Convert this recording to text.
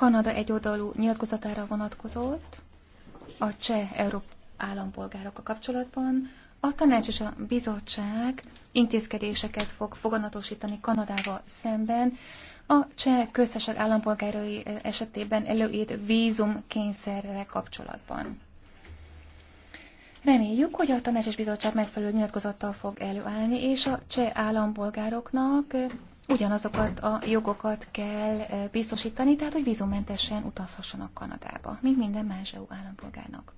Kanada egyoldalú nyilatkozatára vonatkozott a cseh Európ a kapcsolatban. A tanács és a bizottság intézkedéseket fog foganatosítani Kanadával szemben, a cseh köztesek állampolgárai esetében előírt vízum kényszerre kapcsolatban. Reméljük, hogy a és bizottság megfelelő nyilatkozattal fog előállni, és a cseh állampolgároknak ugyanazokat a jogokat kell eh, biztosítani, tehát hogy vízumentesen utazhassanak Kanadába, mint minden más EU állampolgárnak.